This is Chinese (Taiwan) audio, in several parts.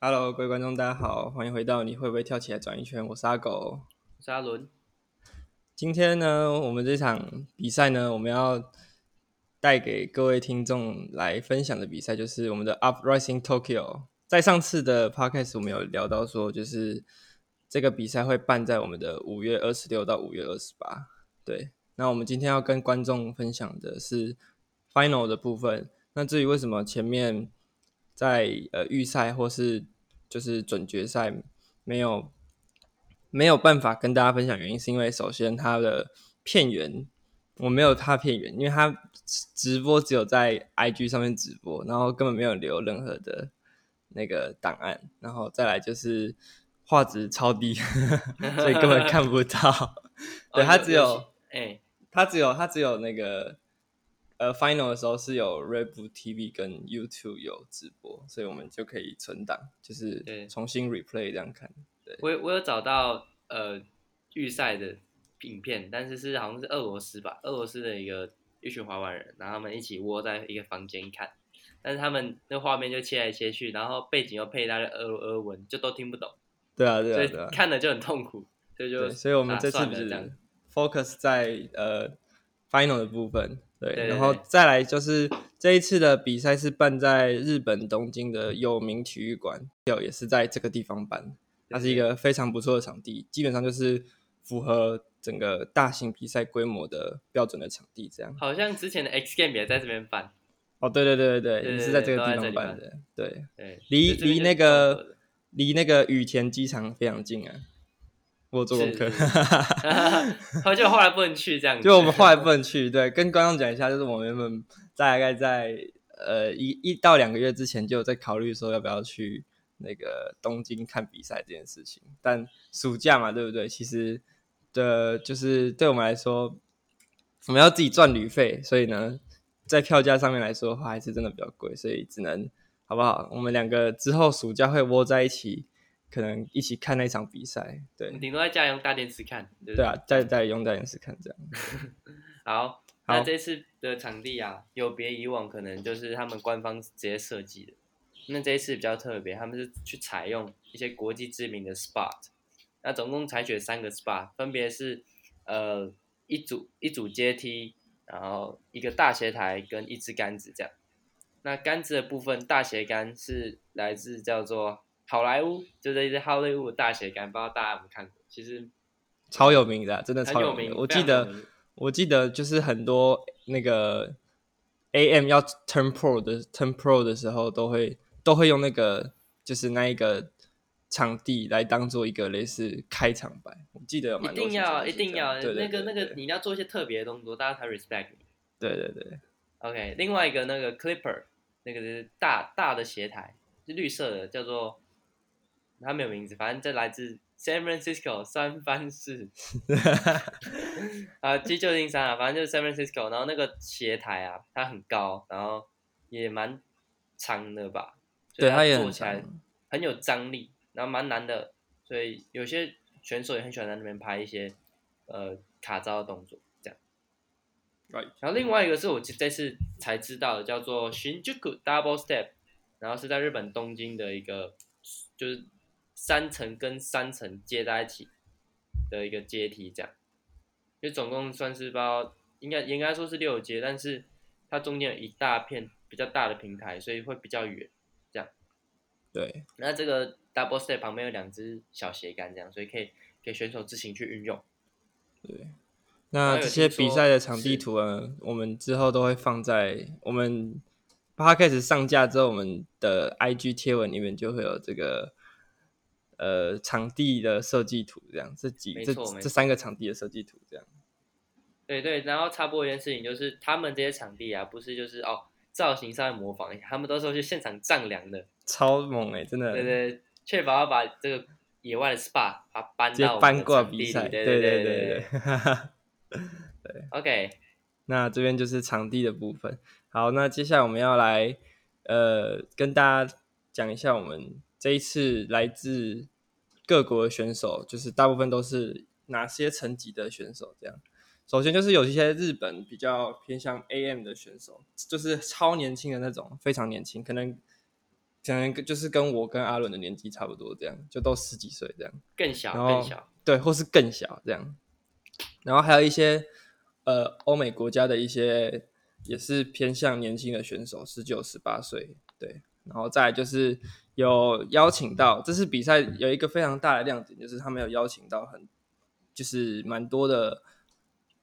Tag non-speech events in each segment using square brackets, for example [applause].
Hello，各位觀眾，大家好，歡迎回到你會不會跳起來轉一圈？我是阿狗，我是阿倫。今天呢，我們這場比賽呢，我們要帶給各位聽眾來分享的比賽，就是我們的 Up Rising Tokyo。在上次的 podcast 我們有聊到說，就是這個比賽會辦在我們的五月二十六到五月二十八。對，那我們今天要跟觀眾分享的是 final 的部分。那至於為什麼前面，在呃預賽或是就是準決賽沒有沒有辦法跟大家分享原因，是因為首先他的片源我沒有他片源，因為他直直播只有在 IG 上面直播，然後根本沒有留任何的那個檔案，然後再來就是畫質超低， [laughs] [laughs] 所以根本看不到。 [laughs] [laughs] 對，他只有，哎，他只有他只有那個。呃、uh,，final 的時候是有 Red Bull TV 跟 YouTube 有直播，所以我們就可以存檔，就是重新 replay 這樣看。對，對我我有找到呃預賽的影片，但是是好像是俄羅斯吧，俄羅斯的一個一群華人，然後他們一起窩在一個房間看，但是他們那畫面就切來切去，然後背景又配他的俄俄文，就都聽不懂。對啊，對啊，對啊。所以看了就很痛苦。所以就對，所以我們這次是 focus 在呃 final 的部分。對，然後再來就是對對對這一次的比賽是辦在日本東京的有名體育館，也也是在這個地方辦，它是一個非常不錯的場地，對對基本上就是符合整個大型比賽規模的標準的場地。這樣，好像之前的 X Game 也在這邊辦。哦，對對對對對,對,對，也是在這個地方辦的。辦對，離離那個離那個羽田機場非常近啊。我做功課，然後就後來不能去這樣子，就我們後來不能去，對，跟觀眾講一下，就是我們原本大概在呃一一到兩個月之前就有在考慮說要不要去那個東京看比賽這件事情，但暑假嘛，對不對？其實對，就是對我們來說，我們要自己賺旅費，所以呢，在票價上面來說的話，還是真的比較貴，所以只能好不好？我們兩個之後暑假會窩在一起。可能一起看那場比賽，對。頂多在家裡用大電視看，對啊，在家裡用大電視看、啊、看這樣。 [laughs] 好，好那這次的場地啊，有別以往，可能就是他們官方直接設計的。那這一次比較特別，他們是去採用一些國際知名的 spot。那總共採取了三個 spot，分別是呃一組一組階梯，然後一個大斜台跟一支桿子這樣。那桿子的部分，大斜桿是來自叫做。好萊塢就是一隻好萊塢大斜桿，不知道大家有沒有看過？其實超有名的，啊，真的超有名的。有名，我記得，我記得就是很多那個 AM 要 turn pro 的 turn pro 的時候，都會都會用那個就是那一個場地來當做一個類似開場白。我記得有蠻多。一定要，一定要，對對對對那個那個，你要做一些特別的動作，大家才 respect 你對對對，對，OK。另外一個那個 Clipper，那個就是大大的斜台，就綠色的，叫做。他沒有名字，反正這來自 San Francisco 三藩市。 [laughs] [laughs] 啊，舊金山啊，反正就是 San Francisco。然後那個斜台啊，它很高，然後也蠻長的吧，對，它也做起來很有張力，長，然後蠻難的，所以有些選手也很喜歡在那邊拍一些呃卡招的動作，這樣。Right. 然後另外一個是我這次才知道的，叫做 Shinjuku Double Step，然後是在日本東京的一個就是。三層跟三層接在一起的一個階梯，這樣，就總共算是包應該應該說是六階，但是它中間有一大片比較大的平台，所以會比較遠，這樣。對。那這個 double step 旁邊有兩隻小斜桿，這樣，所以可以給選手自行去運用。對。那這些比賽的場地圖呢，是我們之後都會放在我們 podcast 上架之後，我們的 IG 貼文裡面就會有這個。呃，場地的設計圖這樣，這幾錯這錯這三個場地的設計圖這樣。對，對對，然後插播一件事情，就是他們這些場地啊，不是就是哦，造型上面模仿一下，他們都是去現場丈量的，超猛哎、欸，真的。對，對對，確保要把這個野外的 spot，它搬到搬掛比賽。對，對對對對， [laughs] 對，OK，那這邊就是場地的部分。好，那接下來我們要來呃，跟大家講一下我們。這一次來自各國的選手，就是大部分都是哪些層級的選手？這樣，首先就是有一些日本比較偏向 AM 的選手，就是超年輕的那種，非常年輕，可能可能就是跟我跟阿倫的年紀差不多，這樣就都十幾歲這樣，更小更小，然後更小，對，或是更小這樣。然後還有一些呃歐美國家的一些也是偏向年輕的選手，十九十八歲，對。然後再來就是。有邀請到，這次比賽有一個非常大的亮點，就是他們有邀請到很，就是蠻多的，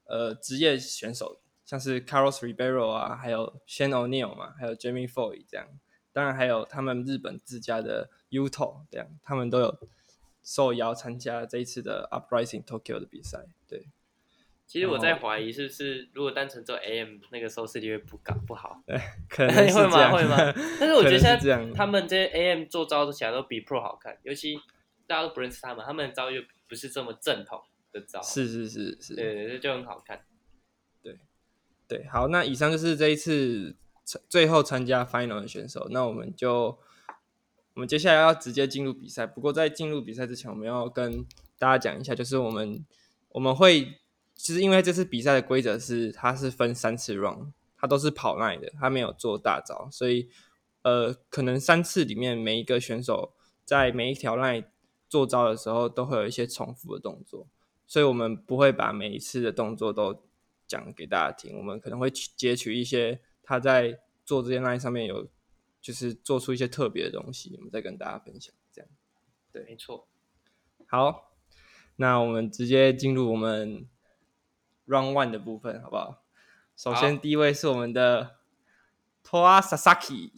呃，職業選手，像是 Carlos Ribeiro 啊，還有 Shane O'Neill 嘛，還有 Jamie Foy 這樣，當然還有他們日本自家的 UTO 這樣，他們都有受邀參加了這一次的 Uprising Tokyo 的比賽，對。其實我在懷疑，是不是如果單純做 AM 那個收視率會不高不好？對，可能 [laughs] 會嗎？會嗎？但是我覺得現在他們這些 AM 做招都起來都比 Pro 好看，尤其大家都不認識他們，他們的招又不是這麼正統的招，是是是是，對，對，就很好看。對對，好，那以上就是這一次最後參加 Final 的選手，那我們就我們接下來要直接進入比賽，不過在進入比賽之前，我們要跟大家講一下，就是我們我們會。其實因為這次比賽的規則是，它是分三次 run，它都是跑 line 的，它沒有做大招，所以呃，可能三次裡面每一個選手在每一條 line 做招的時候，都會有一些重複的動作，所以我們不會把每一次的動作都講給大家聽，我們可能會截取一些他在做這些 line 上面有就是做出一些特別的東西，我們再跟大家分享。這樣，對，沒錯。好，那我們直接進入我們。Round One 的部分，好不好？首先，第一位是我們的 Towa Sasaki。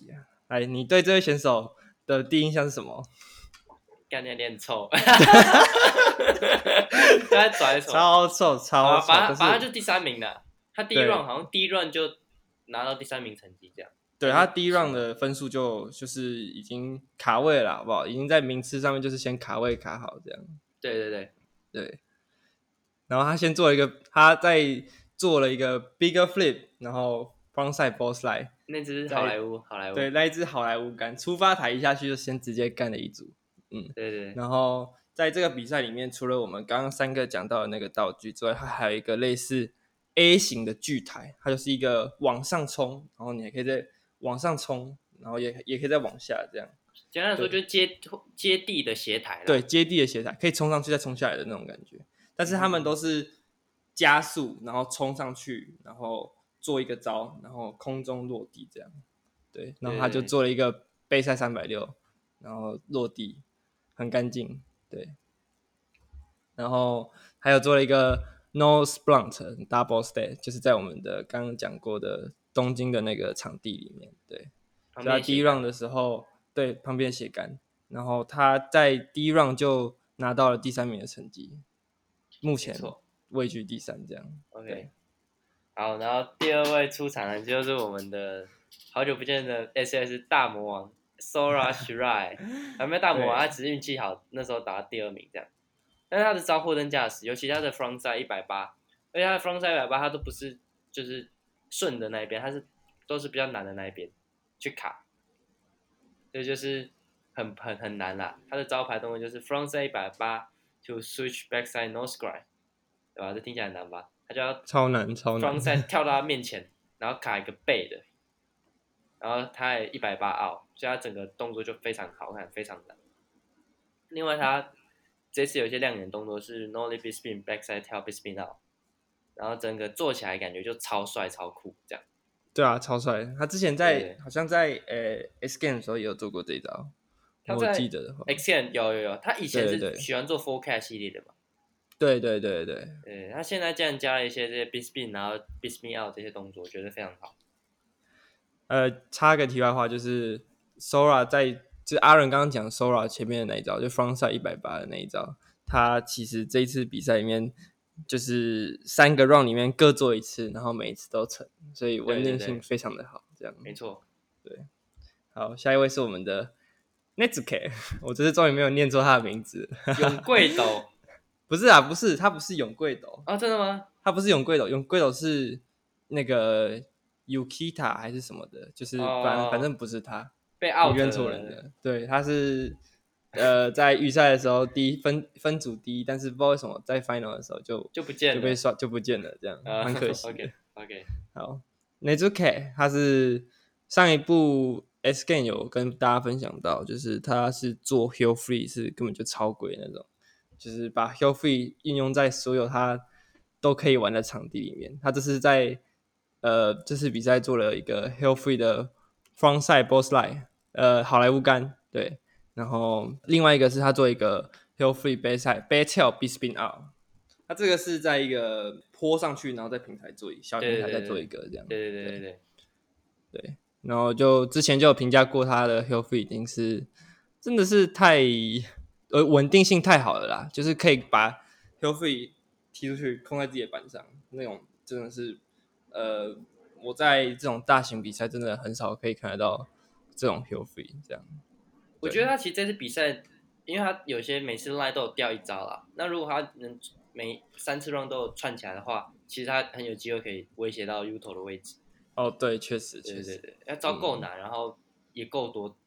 哎好，你對這位選手的第一印象是什麼？感覺有點臭。他哈哈哈超臭，超臭，反正，反正就第三名的。是對他第一 round 好像第一 round 就拿到第三名成績這樣。對他第一 round 的分數就就是已經卡位了，好不好？已經在名次上面就是先卡位卡好這樣。對對對對。對然後他先做了一個，他在做了一個 bigger flip，然後 frontside boardslide 那只是好萊塢，在好萊塢。對，那一支好萊塢桿出發台一下去就先直接幹了一組，嗯。對，對對。然後在這個比賽裡面，除了我們剛剛三個講到的那個道具之外，它還有一個類似 A 型的巨台，它就是一個往上衝，然後你還可以再往上衝，然後也也可以再往下這樣。簡單來說，就接對接地的斜台。對，接地的斜台可以衝上去再衝下來的那種感覺。但是他們都是加速，然後衝上去，然後做一個招，然後空中落地這樣。對，然後他就做了一個背賽三百六，然後落地很乾淨。對，然後還有做了一個 no splunk double stay，就是在我們的剛剛講過的東京的那個場地裡面。對，在第一 round 的時候，對，旁邊斜桿，然後他在第一 round 就拿到了第三名的成績。目前位居錯第三這樣。OK，對好，然後第二位出場的就是我們的好久不見的 SS 大魔王 Sora s h r a i 還沒有大魔王，對他只是運氣好，那時候打到第二名這樣。但是他的招貨真價實，尤其他的 From 賽一百八，而且 From 賽一百八，他都不是就是順的那一邊，他是都是比較難的那一邊去卡，這就是很很很難啦。他的招牌動作就是 From 賽一百八。就 switch backside no s c r i p e 對吧，啊？這聽起來很難吧？他就要超難超難，雙塞跳到他面前，然後卡一個背的，然後他也一百八 out，所以他整個動作就非常好看，非常難。另外，他這次有一些亮眼動作是 no leap spin backside tail spin out，然後整個做起來感覺就超帥超酷這樣。對啊，超帥！他之前在，對好像在呃、uh, S game 的時候也有做過這一招。M, 我記得的話 Extend 有有有，他以前是喜歡做 Forecast 系列的嘛？對，對對對對，對，他現在竟然加了一些這些 Bisbee，然後 Bisbee out 這些動作，我覺得非常好。呃，插個題外話就，就是 Sora 在，就阿倫剛剛講 Sora 前面的那一招，就 Frontside 一百八的那一招，他其實這一次比賽裡面就是三個 Run 裡面各做一次，然後每一次都成，所以穩定性非常的好，對對對這樣沒錯。對，好，下一位是我們的。Nakay 我這次終於沒有念錯他的名字。永貴斗， [laughs] 不是啊，不是，他不是永貴斗啊、哦，真的嗎？他不是永貴斗，永貴斗是那個 Yukita 還是什麼的，就是反、哦、反正不是他，被認 out 冤 錯人的。了對，他是呃，在預賽的時候第一分分組第一，但是不知道為什麼在 final 的時候就就不見了就被刷就不見了，這樣很、嗯、可惜。OK OK，好，Nakay， [laughs] 他是上一部。S, s gain 有跟大家分享到，就是他是做 hill free 是根本就超貴那種，就是把 hill free 應用在所有他都可以玩的場地裡面。他這是在呃這次比賽做了一個 hill free 的 frontside boardslide 呃好萊塢桿，對。然後另外一個是他做一個 hill free backside backtail bispin out。他這個是在一個坡上去，然後在平台做一小平台，再做一個這樣。對對對對對對，對。然後就之前就有評價過他的 heelflip 已經是真的是太呃穩定性太好了啦，就是可以把 heelflip 踢出去控在自己的板上，那種真的是呃我在這種大型比賽真的很少可以看得到這種 heelflip 這樣。我覺得他其實這次比賽，因為他有些每次 l i n e 都有掉一招啦，那如果他能每三次 round 都有串起來的話，其實他很有機會可以威脅到 Uto 的位置。哦，對，確實，確實，對，要招夠難，然後也夠多，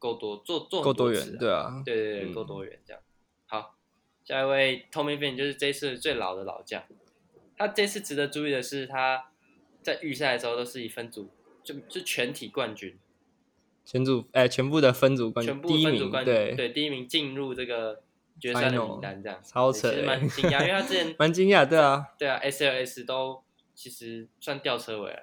夠多，做做夠多元，對啊，對對對，夠多元這樣。好，下一位 t o m m y 透明 n 就是這次最老的老將，他這次值得注意的是，他在預賽的時候都是以分組就就全體冠軍，全組哎，全部的分組冠軍，分組冠軍。對第一名進入這個決賽的名單這樣，超扯。蠻驚訝，因為他之前蠻驚訝，對啊，對啊，SLS 都其實算吊車尾。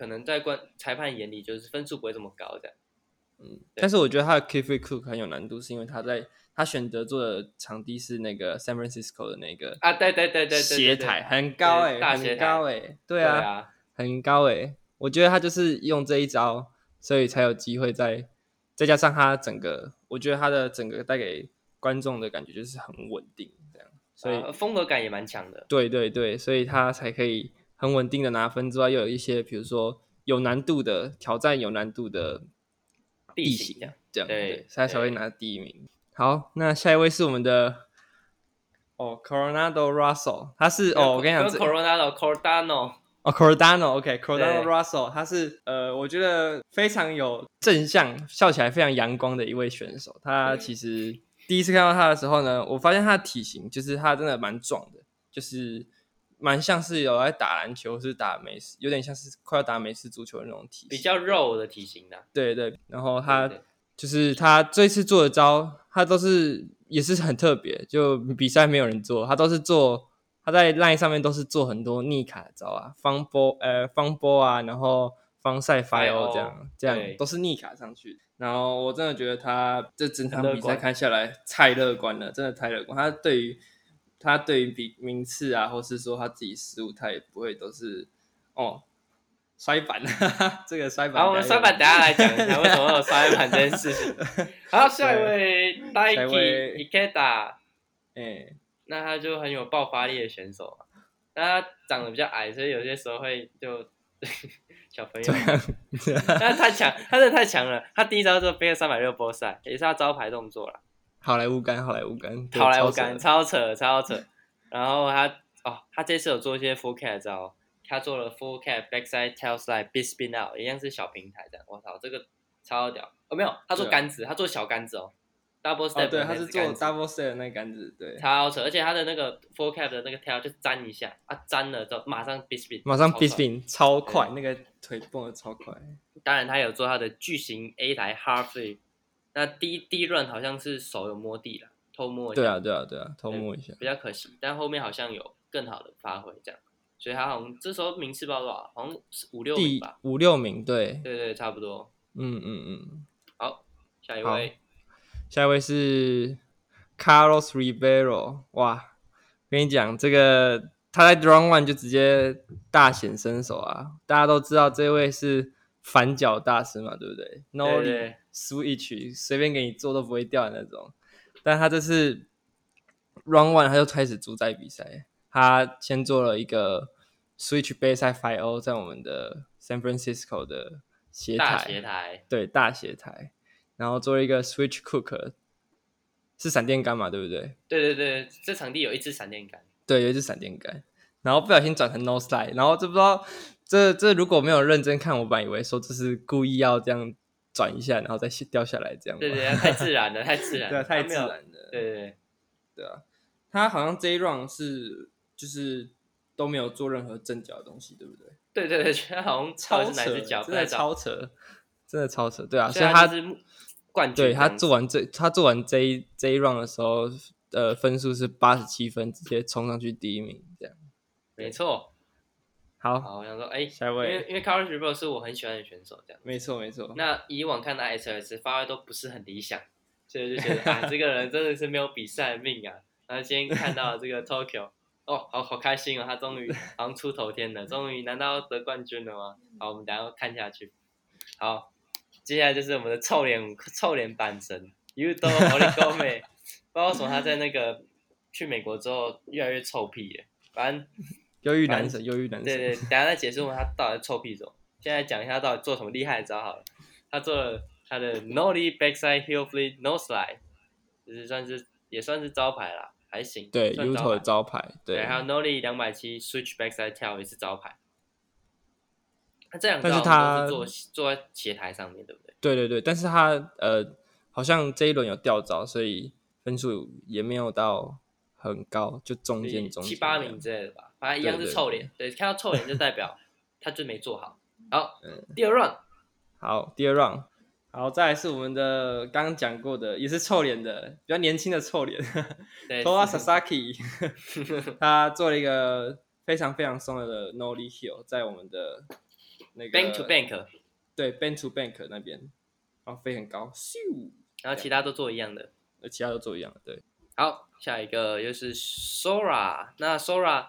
可能在觀裁判眼裡，就是分數不會這麼高，這樣。嗯，但是我覺得他的 Kickflip Crook 很有難度，是因為他在他選擇做的場地是那個 San Francisco 的那個啊，對對對對對，斜臺很高哎，很高哎、欸欸，對啊，很高哎、欸，我覺得他就是用這一招，所以才有機會在再，再加上他整個，我覺得他的整個帶給觀眾的感覺就是很穩定，這樣，所以、啊、風格感也蠻強的。對對對，所以他才可以。很穩定的拿分之外，又有一些比如說有難度的挑戰，有難度的地形，地形這樣，這樣對，他才會拿第一名。好，那下一位是我們的哦，Coronado Russell，他是對哦，我跟你講，Coronado，Coronado，哦，Coronado，OK，Coronado，okay, 對 Russell，他是呃，我覺得非常有正向，笑起來非常陽光的一位選手。他其實對第一次看到他的時候呢，我發現他的體型就是他真的蠻壯的，就是。蠻像是有在打籃球，是打美式，有點像是快要打美式足球的那種體型，比較肉的體型的啊。對對，然後他對對就是他這一次做的招，他都是也是很特別，就比賽沒有人做，他都是做他在 line 上面都是做很多逆卡的招啊，方波呃方波啊，然後防曬 fire 這樣這樣對都是逆卡上去。然後我真的覺得他這整場比賽看下來太樂，樂觀了，真的太樂觀，他對於。他對於比名次啊，或是說他自己失誤，他也不會都是哦摔板啊，這個摔板。好，我們摔板等下來講一下 [laughs] 為什麼有摔板這件事情。 [laughs] 好，對下一位機會，Ikeita，、欸、那他就很有爆發力的選手嘛，但他長得比較矮，所以有些時候會就小朋友，樣但他太強， [laughs] 他真的太強了。他第一招就飛了三百六波賽，也是他招牌動作了。好萊塢桿，好萊塢桿，好萊塢桿，超扯，超扯。 [laughs] 然後他哦，他這次有做一些 full cap，知、哦、道？他做了 full cap backside tail slide bispin out，一樣是小平台的。我操，這個超屌！哦，沒有，他做桿子，對他做小桿子哦，double step，哦對，子子他是做 double step 那桿子，對。超扯，而且他的那個 full cap 的那個 tail 就粘一下啊，粘了之後馬上 bispin，馬上 bispin，超，超快，對那個腿蹦的超快。當然，他有做他的巨型 A 台 half flip 那第一第一輪好像是手有摸地了，偷摸一下。對啊，對啊，對啊，偷摸一下。比較可惜，但後面好像有更好的發揮，這樣，所以他好像。像這時候名次報多少？好像是五六名吧。五六名，對，對，對對，差不多。嗯嗯嗯。嗯嗯好，下一位，下一位是 Carlos Rivero，哇，跟你講，這個他在 Round One 就直接大顯身手啊！大家都知道這位是反腳大師嘛，對不對？No 對對對。SWITCH 隨便給你做都不會掉的那種。但他這次 run one，他就開始主宰比賽。他先做了一個 switch base FIO 在我們的 San Francisco 的斜台，大斜台。對，大斜台，然後做了一個 switch cooker，是閃電桿嘛，對不對？對對對，這場地有一隻閃電桿，對，有一隻閃電桿。然後不小心轉成 no side，然後這不知道這這如果沒有認真看，我本來以為說這是故意要這樣。轉一下，然後再掉下來，這樣對，對對，太自然了，太自然了， [laughs] 太自然了，對對對，對啊，他好像這一 round 是就是都沒有做任何正腳的東西，對不對？對對對，覺得他好像，好像是腳超扯，不真的超扯，真的超扯，對啊，所以他，他是冠軍。對，他做完這，他做完這一這一 round 的時候，呃，分數是八十七分，直接衝上去第一名，這樣沒錯。好好想說，哎、欸，下一位。因為因為 Carlos Ribeiro 是我很喜歡的選手，這樣沒錯沒錯。那以往看到 S [laughs] S SLS，發揮都不是很理想，所以就覺得啊，這個人真的是沒有比賽的命啊。然後今天看到這個 Tokyo， [laughs] 哦，好好開心哦，他終於好出頭天了，終於 [laughs] 難道要得冠軍了嗎？好，我們等下看下去。好，接下來就是我們的臭臉臭臉板神 Yuto Horigome， [laughs] 不知道為什麼他在那個 [laughs] 去美國之後越來越臭屁耶，反正。 [laughs] 憂鬱男神，憂鬱正男神。對，對對，等下再解釋問他到底臭屁種，現在講一下他到底做什麼厲害的招好了。他做了他的 Nollie Backside Heelflip Nose Slide 就是算是也算是招牌啦，還行。對 Uto 的招牌。對，對還有 Nollie 兩百七 Switch Backside Tail 也是招牌。啊、這招是但是他這兩個都是坐坐在斜台上面，對不對？對對對，但是他呃好像這一輪有掉招，所以分數也沒有到很高，就中間中七八名之類的吧。還一樣是臭臉，對，對，對，對，對，看到臭臉就代表他就沒做好。好，對第二 round，好，第二 round，好，再來是我們的剛剛講過的，也是臭臉的，比較年輕的臭臉，Towa Sasaki，他做了一個非常非常鬆的，的 Nollie Hill，在我們的那個 Bank to Bank，對，Bank to Bank 那邊，然、哦、後飛很高，咻，然後其他都做一樣的，其他都做一樣的，對。好，下一個又是 Sora，那 Sora。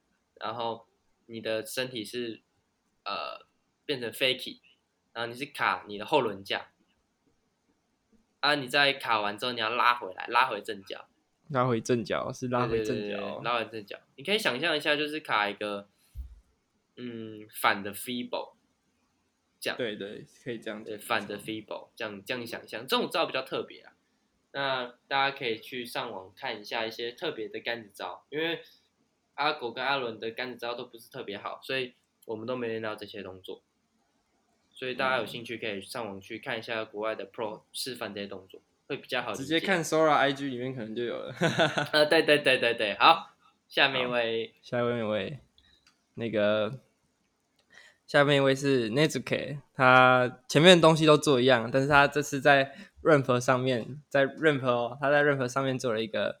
然後你的身體是，呃，變成 fakie，然後你是卡你的後輪架，啊，你在卡完之後你要拉回來，拉回正腳，拉回正腳是拉回正腳，拉回正腳， [noise] 你可以想象一下，就是卡一個，嗯，反的 feeble，這樣，對對，可以這樣，對，反的 feeble，這樣這樣你想象，嗯、這種招比較特別啊，那大家可以去上網看一下一些特別的杆子招，因為。阿狗跟阿倫的杆子招都不是特別好，所以我們都沒練到這些動作。所以大家有興趣可以上網去看一下國外的 Pro 示範這些動作，會比較好。直接看 Sora IG 裡面可能就有了。 [laughs] 呃，對對對對對，好，下面一位，下面一位，那個下面一位是 Nezuk，他前面的東西都做一樣，但是他這次在 Ramp 上面，在 Ramp 哦，他在 Ramp 上面做了一個。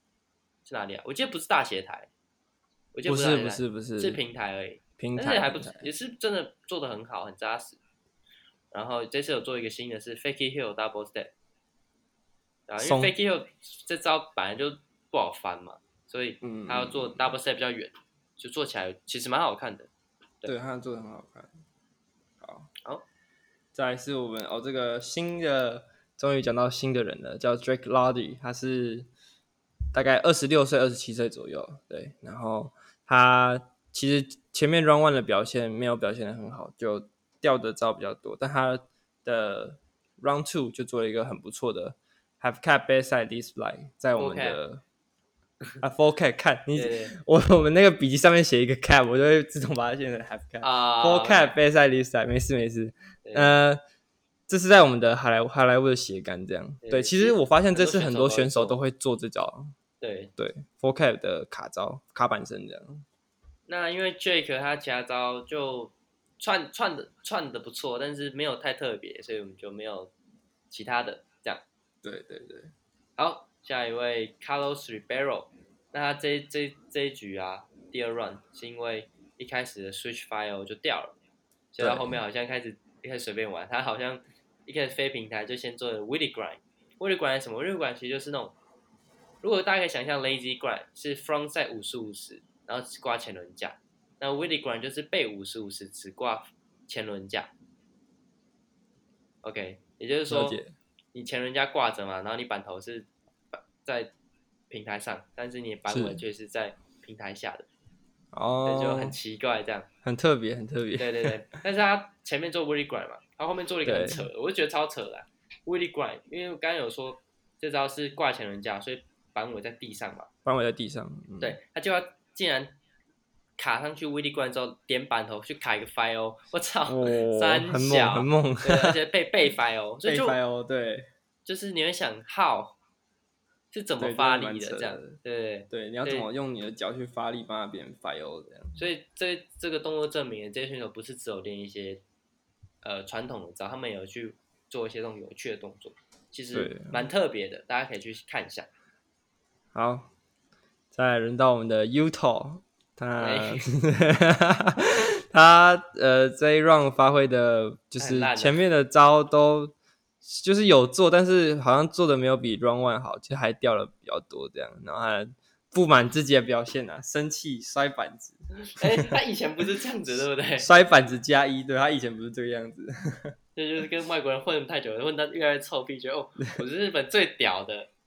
去哪裡啊？我記得不是大斜台，我記得不是大斜台，不是不是不是是平台而已。平台是還不，平台也是真的做的很好，很扎實。然後這次有做一個新的是 Fakey Hill Double Step，啊，松，因為 Fakey Hill 這招本來就不好翻嘛，所以他要做 Double Step 比較遠，嗯，就做起來其實蠻好看的。對,對他做的很好看。好，好，再來是我們哦，這個新的終於講到新的人了，叫 Drake Laddy 他是。大概二十六歲、二十七歲左右，對。然後他其實前面 round one 的表現沒有表現得很好，就掉的招比較多。但他的 round two 就做了一個很不錯的 half cab backside display，在我們的 Okay. 啊 four cab 看 [laughs] 你，yeah, yeah. 我我們那個筆記上面寫一個 cab，我就會自動把它寫成 half cab。啊、uh、，four cab backside display，沒事沒事。Yeah. 呃，這是在我們的好萊好萊塢的鞋杆這樣。Yeah, 對，其實我發現這次很多選手都會做這招。對對 Four Cap 的卡招卡板身這樣。那因為 Jake 他其他招就串串的串的不錯，但是沒有太特別，所以我們就沒有其他的，這樣。對對對，好，下一位 Carlos Ribeiro，那他這這這，這一局啊，第二 run 是因為一開始的 Switch file 就掉了，所以到後面好像開始對一開始隨便玩，他好像一開始飛平台就先做的 Witty Grind。Witty Grind 什麼？Witty Grind 其實就是那種。如果大家可以想象，lazy grind 是 front 在五十五十，然後掛前輪架，那 wheelie grind 就是背五十五十，只掛前輪架。OK，也就是說，你前輪架掛着嘛，然後你板頭是，在平台上，但是你板尾就是在平台下的。哦是。就很奇怪這樣。很特別，很特別。對對對，但是他前面做 wheelie grind 嘛，然後後面做了一個很扯的，對我就覺得超扯的 wheelie grind，因為我剛剛有說這招是掛前輪架，所以。板尾在地上嘛，板尾在地上，對他就要竟然卡上去威力冠之後點板頭去卡一個 file 我操，三小，對，而且被被 file 所以就 file 對，就是你會想 how 是怎麼發力的這樣子，對對對，你要怎麼用你的腳去發力幫他變 file 這樣，所以這這個動作證明了這些選手不是只有練一些傳統的招，他們有去做一些這種有趣的動作，其實蠻特別的，大家可以去看一下。好，再輪到我們的 Yuto 他他，呃這一 round 發揮的，就是前面的招都就是有做，但是好像做的沒有比 round one 好，就還掉了比較多這樣，然後他不滿自己的表現啊，生氣摔板子。哎、欸，他以前不是這樣子，對不對？摔板子加一，1，對，他以前不是這個樣子。 [laughs] 就是跟外國人混太久了，混到越來越臭屁，覺得哦，我是日本最屌的。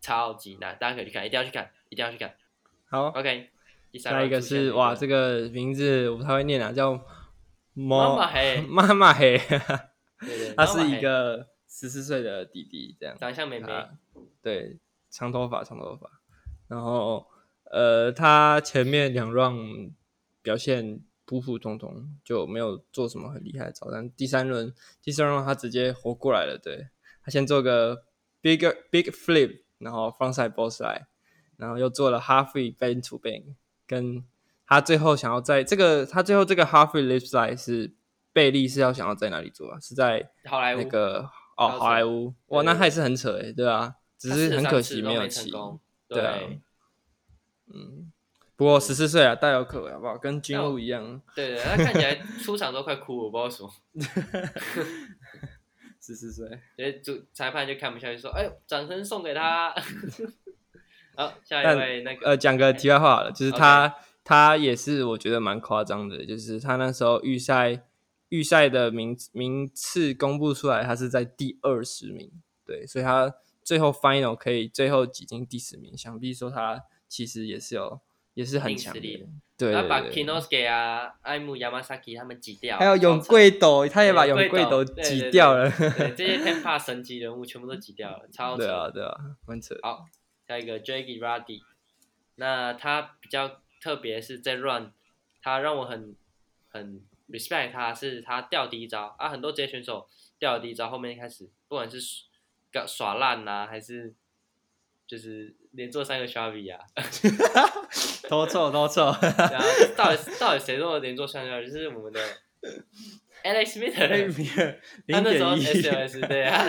超級難，大家可以去看，一定要去看，一定要去看。好，OK。下一個是前哇，這個名字我不太會念啊，叫媽媽黑，媽媽黑。哈 [laughs] 哈對，她是一個十四歲的弟弟，這樣。長相美美。對，長頭髮，長頭髮。然後呃，她前面兩輪表現普普通通，就沒有做什麼很厲害的招。但第三輪，第三輪她直接活過來了。對，她先做個 big big flip。然後，frontside boardslide 然後又做了 hardflip bank to bank 跟他最後想要在這個他最後這個 hardflip lipslide 是貝利是要想要在哪裡做啊？是在好那個哦，好萊塢對哇，那還是很扯哎，對啊，只是很可惜沒有沒成功，對，對嗯，不過十四歲啊，嗯、大有可為吧？跟金歐後一樣，對對，他看起來出場都快哭了，我不知道什麼。 [laughs] 十四歲，所以就裁判就看不下去，說：“哎呦，掌聲送給他。嗯” [laughs] 好，下一位那個呃，講個題外話好了，Okay. 就是他，Okay. 他也是我覺得蠻誇張的，就是他那時候預賽預賽的名名次公布出來，他是在第二十名，對，所以他最後 final 可以最後擠進第十名，想必說他其實也是有。也是很強的，的對,對,對,對。他把 Kinosuke 啊，愛慕 Yamasaki 他們擠掉了。還有永貴斗，扯他也把永貴斗擠掉了。這些天怕神級人物全部都擠掉了，超扯。對啊,對啊，很扯，好，下一個 Jaggy Ruddy，那他比較特別是在 run，他讓我很很 respect 他,是他，是他掉第一招啊，很多職業選手掉了第一招後面開始，不管是耍爛吶、啊、還是。就是連做三個 shuvit [laughs] [laughs] 啊，多錯多錯。然後到底到底誰做了連做三個？就是我們的 Alex Midler，他那時候 SLS, 1. 對啊，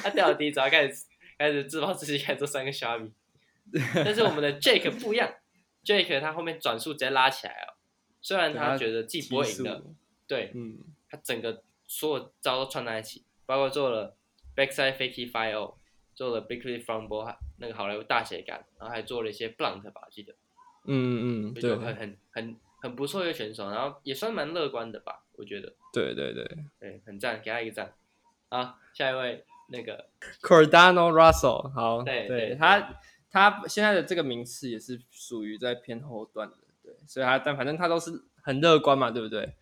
他掉了第一招開始開始自暴自棄，開始做三個 shuvit，但是我們的 Jake 不一樣 [laughs] ，Jake 他後面轉速直接拉起來了，哦，雖然他覺得自己不會贏的，對，嗯、他整個所有招都串在一起，包括做了 backside fakie fire，做了 bigly front board 那個好萊塢大斜桿，然後還做了一些布朗特吧，我記得，嗯嗯，對，很很很很不錯一個選手，然後也算蠻樂觀的吧，我覺得。對對對，對，很贊，給他一個贊，啊，下一位那個 Cordano Russell，好，對，對對，對他他現在的這個名次也是屬於在偏後段的，對，所以他但反正他都是很樂觀嘛，對不對？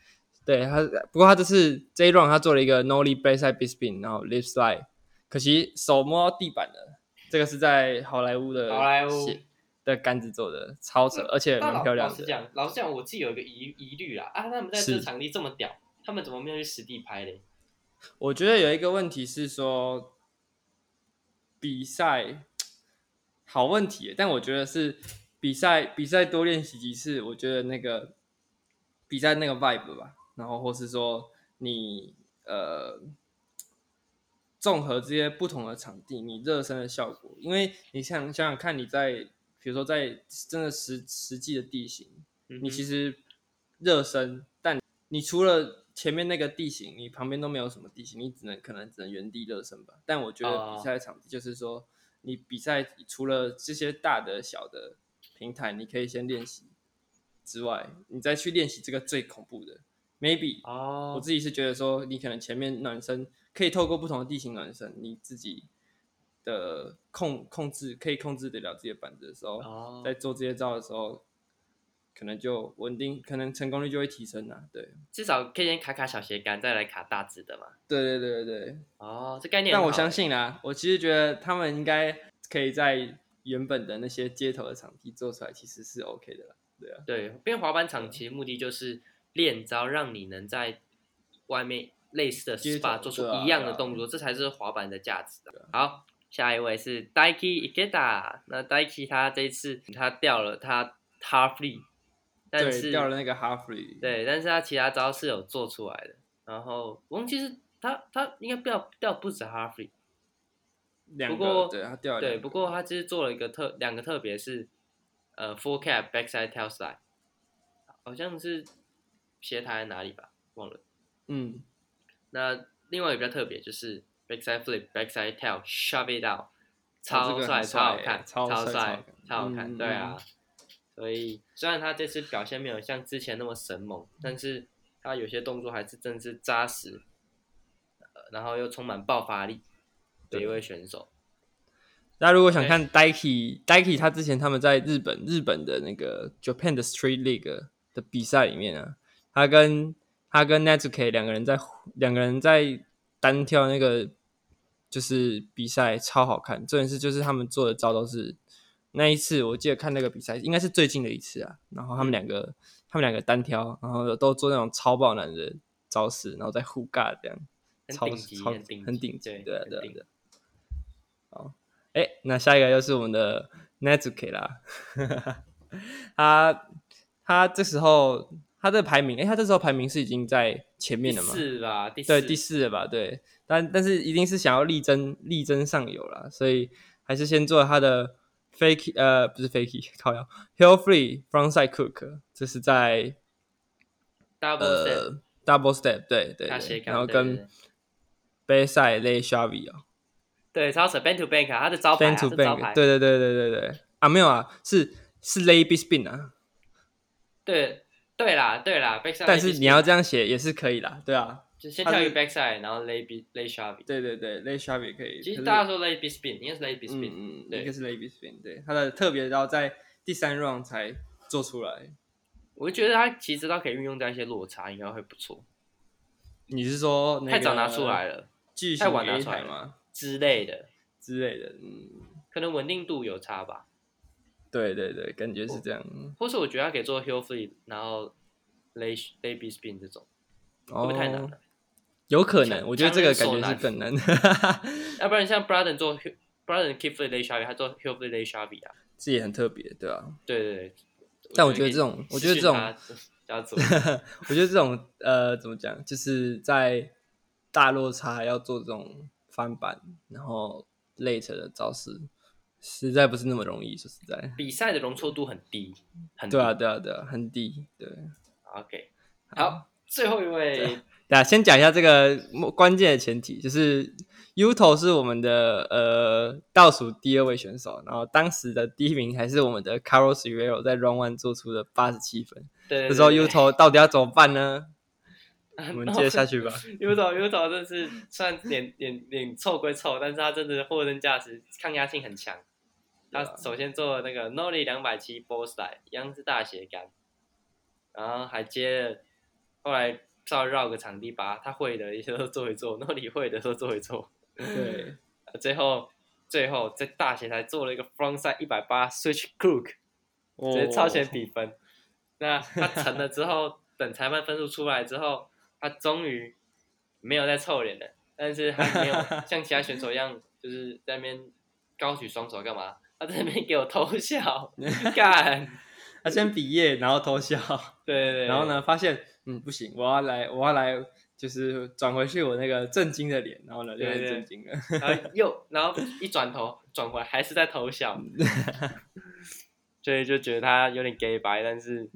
對，他不過他就是這一 round 他做了一個 Nollie Backside Bispin，然後 Lip Slide，可惜手摸地板的。這個是在好萊塢的好萊塢的桿子做的，超扯，那而且很漂亮的。老實講，老實講，我自己有一個疑疑慮啦啊，他們在這場地這麼屌，是他們怎麼沒有去實地拍嘞？我覺得有一個問題是說，比賽，好問題，但我覺得是比賽比賽多練習幾次，我覺得那個比賽那個 vibe 吧，然後或是說你呃。綜合這些不同的場地，你熱身的效果，因為你想想想看，你在比如說在真的實實際的地形，mm hmm. 你其實熱身，但你除了前面那個地形，你旁邊都沒有什麼地形，你只能可能只能原地熱身吧。但我覺得比賽場地就是說，oh. 你比賽除了這些大的小的平台，你可以先練習之外，你再去練習這個最恐怖的。Maybe。oh. 我自己是覺得說，你可能前面暖身，可以透過不同的地形暖身，你自己的控控制可以控制得了這些板子的時候，哦、在做這些招的時候，可能就穩定，可能成功率就會提升啦。對，至少可以先卡卡小斜桿，再來卡大直的嘛。對對對對對。哦，這概念、欸。但我相信啦，我其實覺得他們應該可以在原本的那些街頭的場地做出來，其實是 OK 的啦。對啊，對，因為滑板場其實目的就是練招，讓你能在外面。類似的手法做出一樣的動作，啊啊、這才是滑板的價值的。啊、好，下一位是 Daiki Ikeda。那 Daiki 他這一次他掉了他 Halfree，對，掉了那個 Halfree。對，但是他其他招是有做出來的。然後，我們其實他他應該掉掉不止 Halfree，兩個不過對，他掉了對，不過他其實做了一個特兩個特別是，呃，Full Cab Backside Tail Slide，好像是斜台在哪裡吧，忘了，嗯。那另外一個比較特別，就是 backside flip、backside tail、shove it out，超帥、啊這個、帥超好看、超帥帥、超，帥超好看，對啊。所以雖然他這次表現沒有像之前那麼神猛，嗯、但是他有些動作還是真的是扎實，然後又充滿爆發力的一位選手。對 Okay 那如果想看 Daiki，Daiki 他之前他們在日本日本的那個 Japan 的 Street League 的比賽裡面啊，他跟他跟 n e t z u k e 兩個人在兩個人在單挑，那個就是比賽超好看。重點是就是他們做的招都是那一次，我記得看那個比賽應該是最近的一次啊。然後他們兩個、嗯、他們兩個單挑，然後都做那種超爆難的招式，然後在互尬這樣，超超很頂對對、啊、定對的、啊。哎、啊，那下一個又是我們的 n e t z u k e 哈啦。 [laughs] 他他這時候。他的排名，哎，他這時候排名是已經在前面了嗎？是啦，對第四吧，第四，對第四了吧，對。但但是一定是想要力爭力爭上游了，所以還是先做他的 fake 呃不是 fake 靠腰，hill free frontside cook，這是在 double double step，對對，對然後跟 backside lay shavi 啊，對，對超扯 bank to bank，、啊、他的招牌是、啊、Band 這招牌、啊 to bank, 對，對對對對對對啊，沒有啊，是是 lay bispin 啊，對。對啦，對啦，backside。但是你要這樣寫也是可以啦。對啊，就先跳一個 backside，然後 lay 比 lay shuvy。對對對，lay shuvy 可以。其實大家說 lay bigspin，應該是 lay bigspin，嗯嗯，應該是 lay bigspin，對，它的特別是在第三 round 才做出來。我就覺得它其實知道可以運用在一些落差，應該會不錯。你是說太早拿出來了，太晚拿出來嗎？之類的，之類的，嗯，可能穩定度有差吧。對對對，感覺是這樣。或是我覺得他可以做 heelflip 然後 late bigspin 這種，哦、會不會太難了？有可能，像我覺得這個感覺是本能。要、 [laughs] 啊、不然像 Broden 做 Broden kickflip late shuvit，他做 heelflip late shuvit 啊，這也很特別，對吧、啊？對對對。但我覺，我覺得這種，我覺得這種， [laughs] 我覺得這種呃，怎麼講，就是在大落差要做這種翻板，然後 late 的，的招式。實在不是那麼容易，說實在，比賽的容錯度很低，很低對啊，對啊，對啊，很低，對。OK，好，啊、最後一位，那先講一下這個關鍵的前提，就是 Uto 是我們的呃倒數第二位選手，然後當時的第一名還是我們的 Carlos Uvero 在 Round One 做出的八十七分，對對對對，這時候 Uto 到底要怎麼辦呢？ [laughs] 啊、我們接下去吧。 [laughs] Uto，Uto，這次算臉臉臉臭歸臭，但是他真的貨真價實，抗壓性很強。他首先做了那個諾力兩百七 boardslide，一樣是大斜桿，然後還接了，後來稍微繞個場地吧，他會的一些都做一做，諾力 [laughs] 會的都做一做，對， [laughs] 最後最後在大斜台做了一個 frontside 一百八 switch crook，ok, 直接超前比分，oh, okay. 那他成了之後， [laughs] 等裁判分數出來之後，他終於沒有再臭臉了，但是還沒有 [laughs] 像其他選手一樣，就是在那邊高舉雙手幹嘛。他在那邊給我偷笑，幹 [laughs] 幹！他先比耶，然後偷笑，對,對，然後呢，發現，嗯，不行，我要來，我要來，就是轉回去我那個震驚的臉，然後呢，有點震驚了，然後又，然後一轉頭，轉 [laughs] 回來還是在偷笑， [laughs] 所以就覺得他有點 gay bye 但是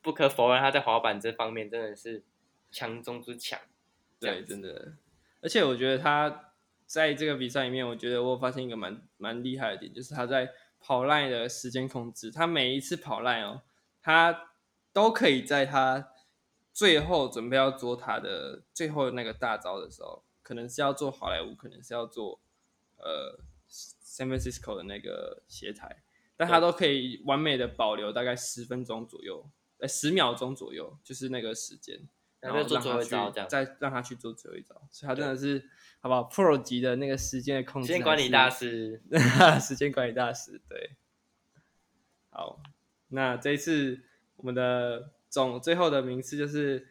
不可否認，他在滑板這方面真的是強中之強，對，的真的，而且我覺得他。在這個比賽裡面，我覺得我發現一個蠻蠻厲害的點，就是他在跑 line 的時間控制。他每一次跑 line 哦，他都可以在他最後準備要做他的最後的那個大招的時候，可能是要做好萊塢，可能是要做呃 San Francisco 的那個斜台，但他都可以完美的保留大概十分鐘左右，呃十秒鐘左右，就是那個時間，然後讓他去做最後一招，再讓他去做最後一招，所以他真的是。好不好 Pro 級的那個時間的控制，時間管理大師， [laughs] 時間管理大師，對。好，那這一次我們的總最後的名次就是、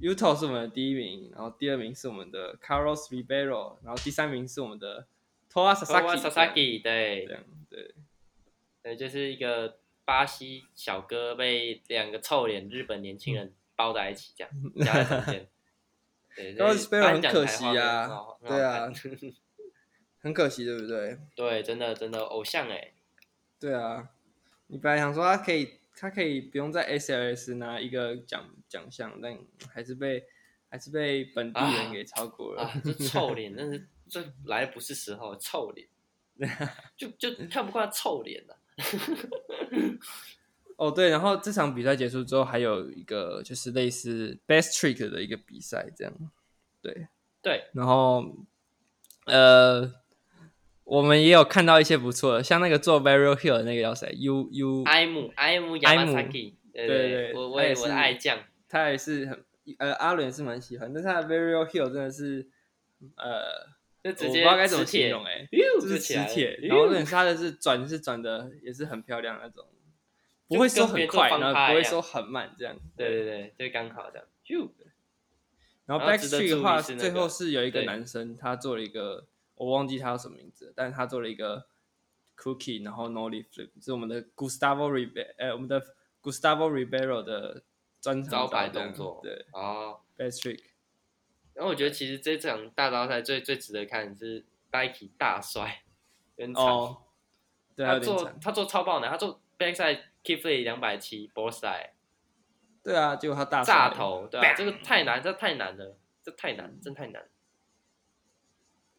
y、Uto 是我們的第一名，然後第二名是我們的 Carlos Ribeiro，然後第三名是我們的 Toa Sasaki，樣對，對，對，就是一個巴西小哥被兩個臭臉、嗯、日本年輕人包在一起，這樣夾在中間。 [laughs] 然後被很可惜啊，對啊，很可惜，對不對？對，真的真的偶像哎、欸。對啊，你本來想說他可以，他可以不用在 SLS 拿一個獎獎項，但還是被還是被本地人給超過了、啊啊。這臭臉，但是 [laughs] 這來的不是時候，臭臉。 [laughs] 就就你看不慣他臭臉的、啊。 [laughs] 哦、oh, 對，然後這場比賽結束之後，還有一個就是類似 best trick 的一個比賽，這樣。對對，然後呃，我們也有看到一些不錯的，像那個做 varial hill 的那個叫誰？U U I M I M Yamazaki 對對，對對我我也是我愛將，他也是很呃，阿倫也是蠻喜歡的，但是他的 varial hill 真的是呃，就直接我不知道該怎麼形容哎，就是磁鐵，然後他的是轉是轉的也是很漂亮那種。不會說很快，然後不會說很慢，這樣對，對對對，就剛好這樣。就。然後 back trick 的話，後那個、最後是有一個男生，對他做了一個，我忘記他什麼名字，但是他做了一個 cookie，然後 nollie flip，是我們的 Gustavo Re，呃、欸，我們的 Gustavo Ribeiro 的招，招牌動作。對，哦好，back trick。然後我覺得其實這場大招賽最最值得看的是 b e y 大帥跟哦。他做他做超棒的，他做。Backside K-free 兩百七波賽對啊，結果他大炸頭，對啊，這個太難，這太難了，這太難，真太難。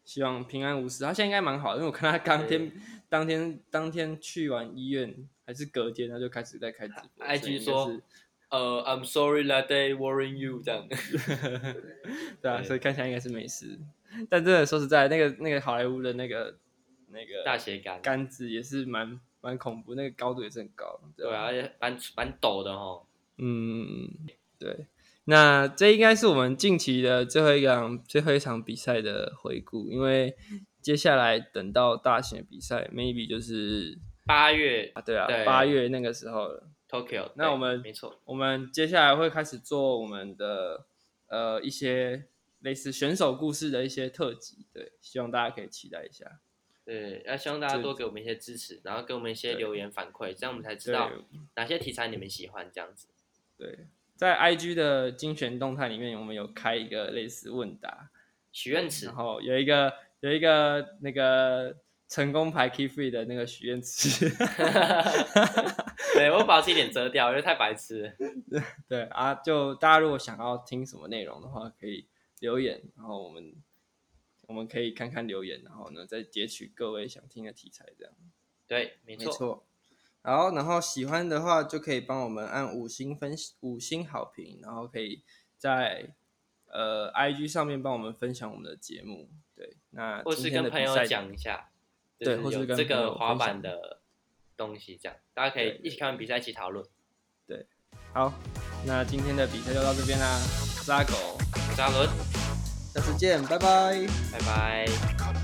希望平安無事，他現在應該蠻好，因為我看他當天、當天、當天去完醫院，還是隔天他就開始在開直播。IG 說：“呃，I'm sorry that they worry you。”這樣，對啊，所以看起來應該是沒事。但真的說實在，那個那個好萊塢的那個那個大斜杆杆子也是蠻。蠻恐怖，那個高度也是很高，對，而且蠻蠻陡的哦。嗯，對。那這應該是我們近期的最後一場最後一場比賽的回顧，因為接下來等到大型的比賽，maybe 就是八月啊，對啊，八對月那個時候了，Tokyo。那我們沒錯，我們接下來會開始做我們的呃一些類似選手故事的一些特輯，對，希望大家可以期待一下。對要、啊、希望大家多給我們一些支持，對然後給我們一些留言反饋，對這樣我們才知道哪些題材你們喜歡這樣子。對，在 I G 的精選動態裡面，我們有開一個類似問答許願池，然後有一個有一個那個成功牌 K free 的那個許願池。哈哈哈！對，我保持一點遮掉， [laughs] 因為太白痴。對啊，就大家如果想要聽什麼內容的話，可以留言，然後我們。我們可以看看留言，然後呢，再截取各位想聽的題材，這樣。對，沒錯。然後喜歡的話就可以幫我們按五星分五星好評，然後可以在呃 IG 上面幫我們分享我們的節目。對，那或是跟朋友講一下，對，或是跟這個滑板的東西這樣，大家可以一起看完比賽一起討論。對，好，那今天的比賽就到這邊啦，啊，撒狗，撒倫。下次見，拜拜，拜拜。